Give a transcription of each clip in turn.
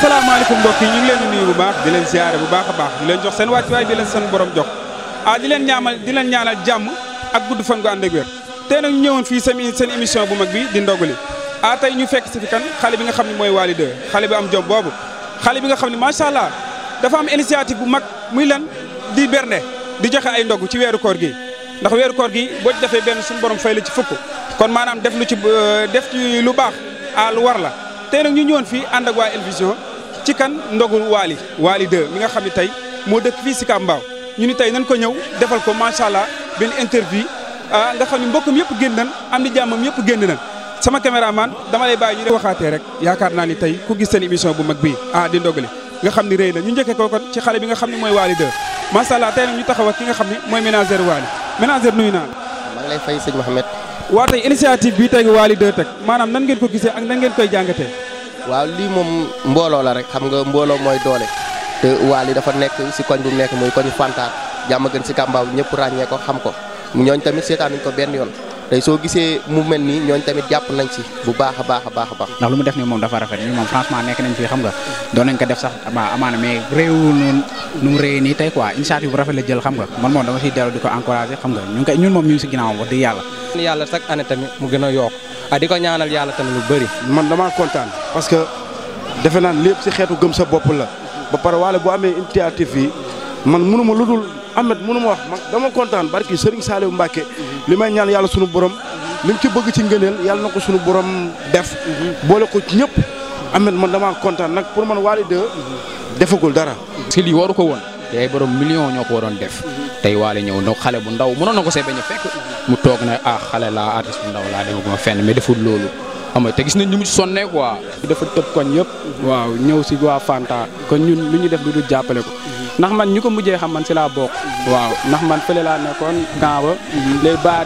asalaamaaleykum mbokk yi ñu leen di nuyu bu baax di leen ziare bu baax a baax di leen jox seen wàccuwaay di leen seen borom jox ah di leen ñaamal di leen ñaanal jàmm ak gudd fan gu ànd ak wér tey nag ñu ñëwoon fii seen seen émission bu mag bi di li ah tey ñu fekk si fi kan xale bi nga xam ne mooy Wally 2 xale bi am jom boobu xale bi nga xam ne macha allah dafa am initiative bu mag muy lan di bernde di joxe ay ndogu ci weeru koor gi ndax weeru koor gi boo ci defee benn suñu borom fay la ci fukk kon maanaam def lu ci euh, def ci lu baax ah war la tey ñu ñëwoon fii ànd ak waa El Vision ci kan ndogu waali Waly dë mi nga xam ne tey moo dëkk fii si Kambaaw ñu ni tey nañ ko ñëw defal ko macha allah benn interview ah nga xam ne mbokkam yëpp génn nañ am di jàmmam yëpp génn nañ sama caméraman dama lay bàyyi ñu de waxaatee rek yaakaar naa ni tey ku gis seen émission bu mag bii ah di ndogali nga xam ne rëy na ñu njëkkee ko kon ci xale bi nga xam ne mooy Waly 2 macha allah tey nag ñu taxaw ak ki nga xam ne mooy ménagère Waly ménagère nuyu naa maa ngi lay fay sëñ Mouhamed bi tey Waly 2 teg maanaam nan ko gisee ak nan koy jàngatee waaw lii moom mbooloo la rek xam nga mbooloo mooy doole te Wally dafa nekk si koñ bu nekk muy koñu Fanta jàmm gën si kàmbaaw ñëpp ràññee ko xam ko ñooñ tamit seetaan nañ ko benn yoon soo gisee mu mel nii ñooñ tamit jàpp nañ ci bu baax a baax a baax a baax ndax lu mu def nii moom dafa rafet moom franchement nekk nañ fii xam nga doon nañ ko sax amaana mais réewu noonu nu mu nii tey quoi initiative bu rafet la jël xam nga man moom dama siy dellu di ko encouragé xam nga ñun koy ñun moom ñu ngi si ginnaawam wax dëgg yàlla yàlla chaque année tamit mu gën a yokk a ah, di ko ñaanal yàlla tamit lu bëri man dama kontaan parce que defe naa lépp si xeetu gëm sa bopp la ba pare waale bu amee initiative yi man mënu lu dul Ameth mënu wax man dama kontaan barki Serigne Saliou Mbacke li may ñaan yàlla sunu borom li mu ci bëgg ci ngëneel yàlla na ko sunu borom def boole ko ci ñëpp Ameth man damaa kontaan nag pour man Wally 2 defagul dara parce que waru ko woon yaay borom million ñoo ko waroon def tey Wally ñëw na xale bu ndaw mënoon na ko see bañ a fekk mu toog na ah xale laa artiste bu ndaw laa demaguma fenn mais deful loolu xam nga te gis nañ ñu mu ci sonne quoi. dafa tëb koñ yëpp. waaw ñëw si waa Fanta kon ñun lu ñu def lu dul jàppale ko. Mhm. ndax man ñu ko mujjee xam man si laa bokk. Mhm. waaw ndax man fële laa nekkoon gant ba.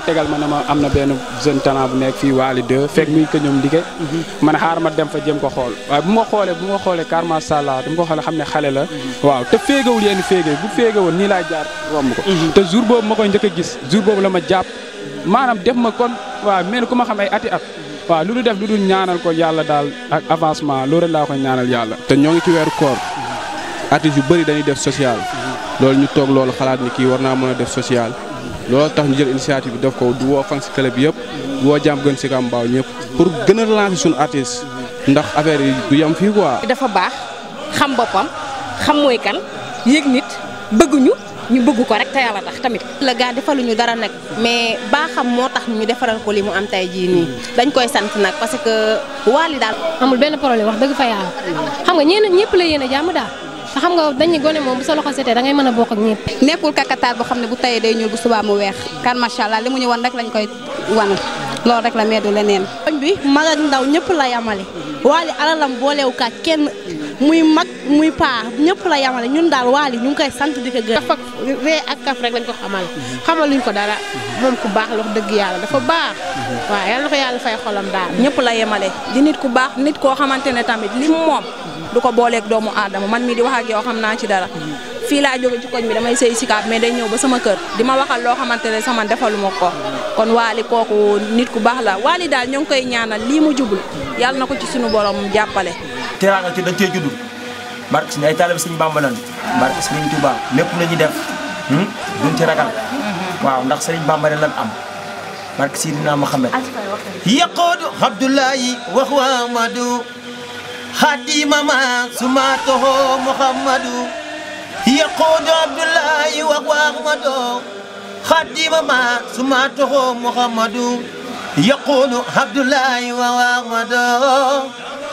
léegi ma ne ma am na benn jeune talent bu nekk fii waali deux mhm. fekk muy ko ñoom liggéey. man xaar ma dem fa jëm ko xool. waaye bu ma xoolee bu ma xoolee car macha allah dama ko xoolee xam ne xale la. waaw te féegewul yenn féege bu féege woon nii laa jaar romb ko. te jour boobu ma koy njëkk a gis jour boobu la ma jàpp. maanaam def ma kon waaw mel ku ma xam ay ati at. waaw lu ñu def lu dul ñaanal ko yàlla daal ak avancement loolu laa ko ñaanal yàlla. te ñoo ngi ci weeru koor. artistes yu bëri dañuy def social. loolu ñu toog loolu xalaat ni kii war naa mën a def social. loolu tax ñu jël initiative bi def ko du woo fan si club bi yëpp. du woo jàmm gën si kàmbaaw ñëpp. pour gën a lancer suñu artiste. ndax affaire yi du yam fii quoi. dafa baax xam boppam xam mooy kan yëg nit bëgguñu. ñu bëgg ko rek te yàlla tax tamit. la gaa defaluñu dara nag mais baaxam moo tax ñu defaral ko li mu am tey jii nii mm. dañ koy sant nag parce que waali daal. amul benn problème wax dëgg fa yàlla xam nga ñeneen ñëpp la yéen jàmm daal. te xam nga dañu gone moom bu sa loxo setee da ngay mën a bokk ak nekkul kakataar boo xam ne bu tayee day ñuul bu subaa mu weex kan macha allah li mu ñu wan rek lañ koy wan. loolu rek la mais du leneen. koñ bi mag ndaw ñëpp la yamale waali alalam kaat kenn muy mag muy paa ñëpp la yamale ñun daal waali ñu ngi koy sant di ko gërëm. dafa ak kaf rek lañ ko xamal mhm. xamaluñ ko dara moom ku baax loo dëgg yàlla dafa baax mhm. waaw yal na ko yàlla fay xolam daal. ñëpp la yemale di nit ku baax nit koo xamante ne tamit li mu moom du ko booleeg doomu aadama man mii di wax ak yow xam naa ci dara. Mhm. fi la joge ci koñ bi damay sëy sikaab mais day ñew ba sama kër di waxal lo xamantene sama defaluma ko kon wali koku nit ku bax la wali dal ñong koy ñaanal li mu jublu yalla nako ci suñu borom jàppale teraanga ci dañ cee judd barke sin ay talib suñu bamba lan barke suñu tuba lepp la ñuy def hmm, duñ ci ragal waaw ndax sëriñ bamba lan am barke sidina muhammad yaqud abdullah wa huwa amadou xaadima sumatoho muhammadu يقود عبد الله وأحمد خادم ما سماته محمد يقول عبد الله وأحمد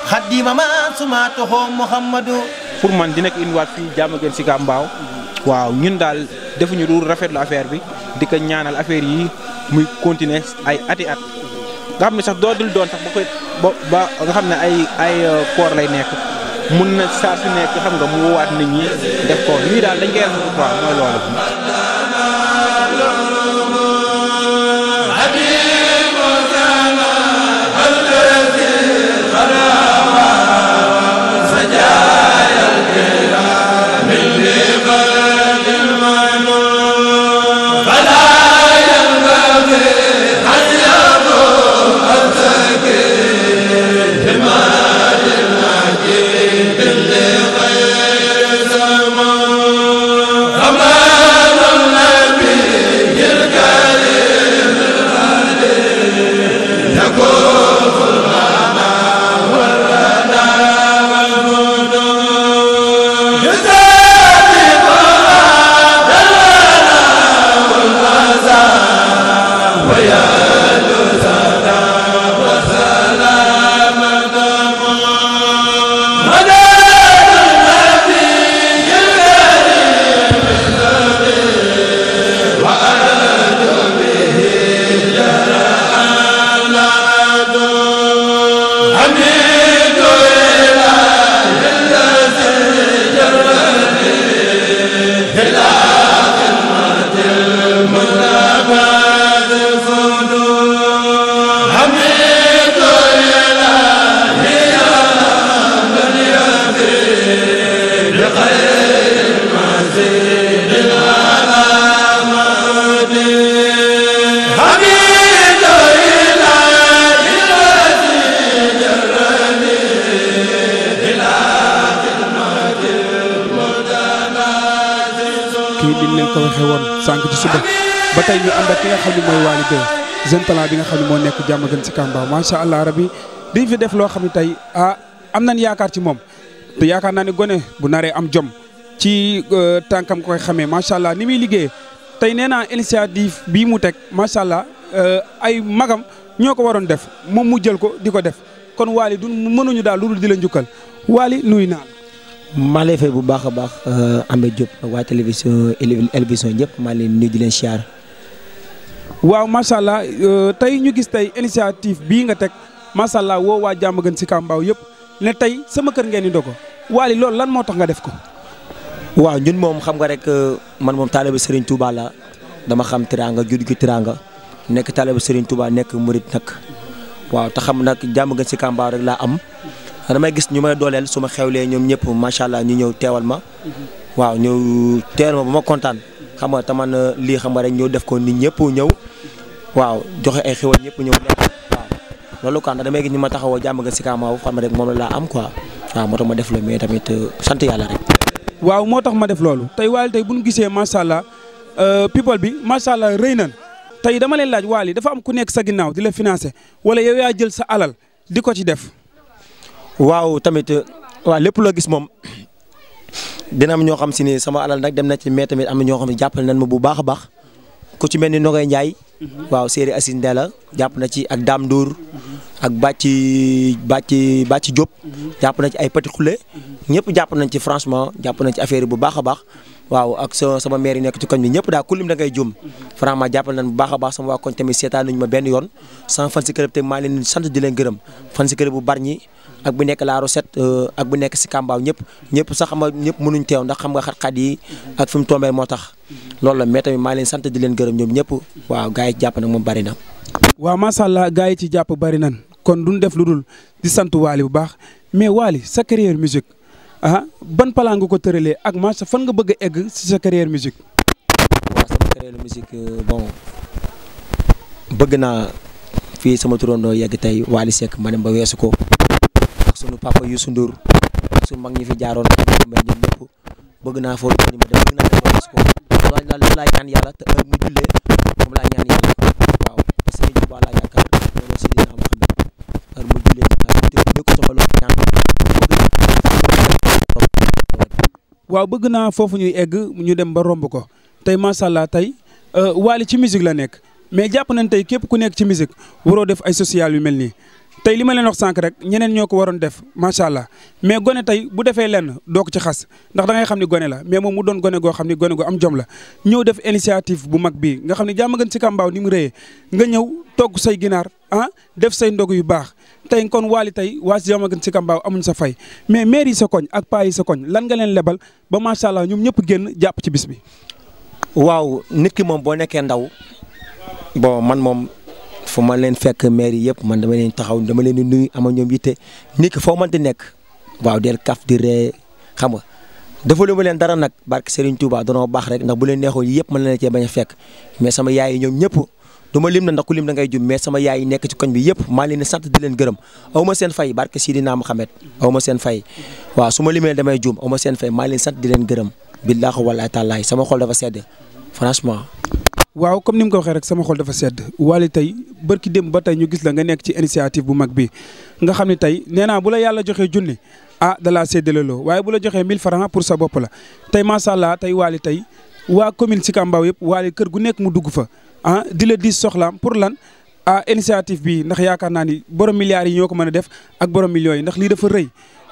xaddiima ma suma toxoo Muhammadu pour man di nekk indiwaat fii jàmm gën si Kambaaw waaw ñun daal defuñu lu rafetlu affaire bi di ko ñaanal affaire yi muy continuer ay ati at nga xam ne sax doo dul doon sax ba koy ba nga xam ne ay ay euh, koor lay nekk mun na saa su nekk xam nga mu woowaat nit ñi def ko lii daal dañ koy rafetlu quoi mooy loolu. ni ñu leen ko waxee woon sànq ci suba ba tey ñu ànd ak ki nga xam ne mooy Wally 2 jeune talent bi nga xam ne moo nekk jàmm gën si Kamba macha allah rabi dañ fi def loo xam ne tey ah am nañ yaakaar ci moom te yaakaar naa ne gone bu naree am jom ci euh, tànkam koy xamee macha allah ni muy liggéeyee tey nee naa initiative bii mu teg macha allah euh, ay magam ñoo ko waroon def moom mu jël ko di ko def kon Wally du mënuñu daal lu dul di la njukkal Wally nuyu naa maa lay fay bu baax a baax euh, Ameth Diop ak waa télévision Elvision ñëpp maa leen nuyu di leen siyaar waaw macha allah euh, tey ñu gis tey initiative bii nga teg macha allah woo waa jàmm gën si kàmbaaw yëpp ne tey sama kër ngeen di dogo waali loolu lan moo nga def ko. waaw ñun moom xam nga rek euh, man moom taalibe Serigne Touba la dama xam teraanga judd gi teraanga nekk taalibe Serigne Touba nekk murit nak waaw ta xam nag jàmm gën si kàmbaaw rek la am. damay gis ñu may dooleel su ma xewlee ñoom ñëpp macha allah ñu ñëw teewal ma mhm. waaw ñëw teewal ma ba ma kontaan xam nga taman uh, lii xam nga rek ñëw def ko nit ñëpp ñëw waaw joxe ay xéwal ñëpp ñëw lekk waaw loolu quoi ñu ma taxawoo jàmm nga si kaamaaw xam nga rek moom la laa am quoi waaw moo tax ma def loolu mais tamit uh, sant yàlla rek. waaw moo tax ma def loolu tey Wally tey bu ñu gisee macha allah uh, people bi macha allah rëy nañ tey dama leen laaj waal yi dafa am ku nekk sa ginnaaw di la financer wala yow yaa jël sa alal di ko ci def. waaw tamit waaw lépp loo gis moom dina ñoo xam si ni sama alal nag dem na ci mais tamit am na ñoo xam ne jàppale nañ ma bu baax baax ku ci mel ni Nogay njaay mhm. waaw séeri Asine la jàpp na ci ak Dame Ndour mhm. ak Bàcci Bàcci Bàcci Diop. Mhm. jàpp na ci ay Petit Khoulé. ñëpp jàpp na ci franchement jàpp nañ ci affaire bu baax a baax. waaw ak sama maire yi nekk ci koñ bi ñëpp daal ku lim da ngay jum vraiment bu baax a baax sama waa koñ tamit seetaan nañu ma benn yoon sans fan si club maa leen sant di leen gërëm fan si club bu ak bu la laaru set euh, ak bu nek ci kàmbaaw ñep ñep sax xam nga ñëpp mënuñ teew ndax xam nga xat-xat yi ak fimu mu motax loolu la mais tamit leen sante di leen gëreum ñom ñep waaw gaay japp nak moom bari na waaw sha allah gaay ci japp bari nan kon duñ def luddul di sante wali bu baax mais wali sa carrière musique ah ban plan nga ko tëralee ak sha fan nga bëgg egg ci sa carrière musique waaw sa carrière musique euh, bon bëgg na fi sama turondo yegg tay wali sek manam ba sunu papa Youssou Ndour sunu mag ñi fi jaaroon mais ñoom ñëpp bëgg naa foofu ñu ma dem bëgg naa dem gis ko loolu laa loolu laa ñaan yàlla te heure mu jullee moom laa ñaan yàlla waaw te Serigne Touba laa yaakaar loolu aussi dina am xam heure mu jullee ñu ko soxla ñaan waaw bëgg naa foofu ñuy egg ñu dem ba romb ko tey macha allah tey euh, Wally ci musique la nekk mais jàpp nañ tey képp ku nekk ci musique waroo def ay social yu mel nii tey li ma leen wax sànq rek ñeneen ñoo ko waroon def macha allah mais gone tey bu defee lenn doo ko ci xas ndax dangay xam ni gone la mais moom mu doon gone goo xam ni gone goo am jom la ñëw def initiative bu mag bii nga xam ne jàmm gën si kàmbaaw ni mu rëyee nga ñëw togg say ginaar ah def say ndog yu baax tey kon waali tey waa si jàmm gën si kàmbaaw amuñ sa fay mais maire yi sa koñ ak paa yi sa koñ lan nga leen lebal ba macha allah ñoom ñëpp génn jàpp ci bis bi. waaw nit ki moom boo nekkee ndaw bon man moom. fu man leen fekk maire yi yëpp man dama leen taxaw dama leen di nuyu ama ñoom yitte nit ki foo mënti nekk waaw del kaf di ree xam nga defalu ma leen dara nag barke Serigne Touba danoo baax rek ndax bu leen neexul yëpp mën na leen a fekk mais sama yaay yi ñoom ñëpp ma lim na ndax ku lim da ngay jum mais sama yaay yi nekk ci koñ bi yëpp maa leen di sant di leen gërëm aw ma seen fay barke Sidina Mohamed aw seen fay waaw su ma limee damay jum aw ma seen fay maa leen sant di leen gërëm billaahi wallaahi taalaa sama xol dafa sedd franchement waaw comme ni mu ko waxee rek sama xol dafa sedd Wally tey bërki démb ba tey ñu gis la nga nekk ci initiative bu mag bi nga xam ne tey nee naa bu la yàlla joxee junni ah da laa séddale waaye bu la joxee 1000 francs pour sa bopp la tey macha allah tey waali tey waa commune Sicap Mbao yëpp waali kër gu nekk mu dugg fa ah di la di soxlaam pour lan ah initiative bi ndax yaakaar naa ni borom milliards yi ñoo ko mën a def ak borom millions yi ndax lii dafa rëy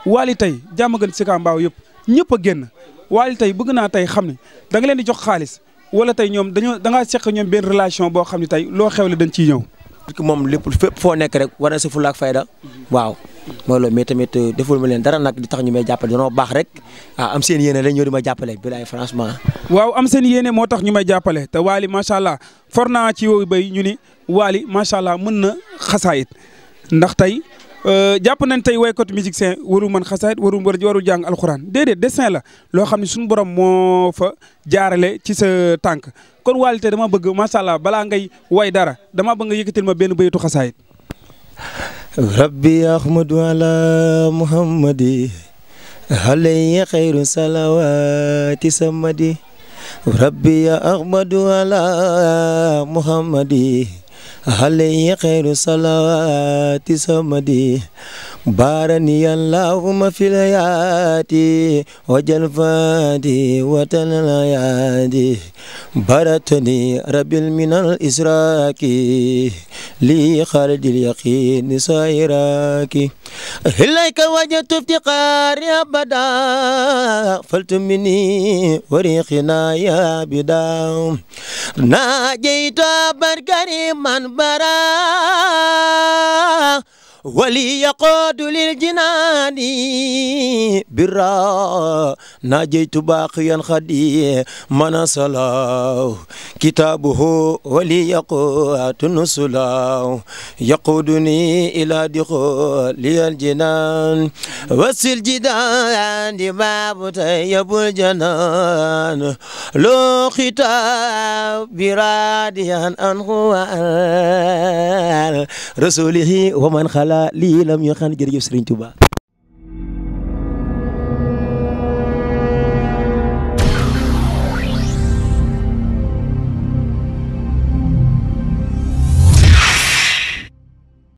waali tey jàmm gën Sicap Mbao yëpp ñëpp a génn waali tey bëgg naa tey xam ne da nga leen di jox xaalis wala tey ñoom dañoo da ngaa seq ñoom benn relation boo xam ne tey loo xewle dañ ciy ñëw. parce que moom lépp fépp foo nekk rek war na si fulaak fayda waaw mooy loolu mais tamit euh, deful ma leen dara nag di tax ñu may jàppale danoo baax rek ah am seen yéene rek ñoo di ma jàppale bilaay franchement. waaw am seen yéene moo tax ñu may jàppale te Waly macha allah for naa ci yooyu bay ñu ni Waly allah mën na xasaayit ndax Euh, jàpp nañ tey woykatu musicien waru man xasaayit waru war waru jàng alxuraan déedéet dessin la loo xam ne suñu borom moo fa jaarale ci sa tànk kon waalite dama bëgg macha bala balaa ngay way dara dama bëgg nga yëkkatil ma benn baytu xasaayit rabbi ahmadu ahmadu ala muhammadi alayhi xayru salawaati samadi بارني اللهم في الحياة وجل فادي وتن الايادي بارتني ربي من الإسراك لي خالد اليقين سائراك إليك وجدت افتقاري أبدا فلتمني وريقنا يا بدا ناجيت من برا ولي يقود للجنان برا ناجيت باقيا خدي من صلاه كتابه ولي يقود نسلاه يقودني إلى دخول الجنان وسل جدان باب طيب الجنان لو ختاب براديا أنخوال رسوله ومن خلق wala lii lam yoo xam ne jërëjëf Serigne Touba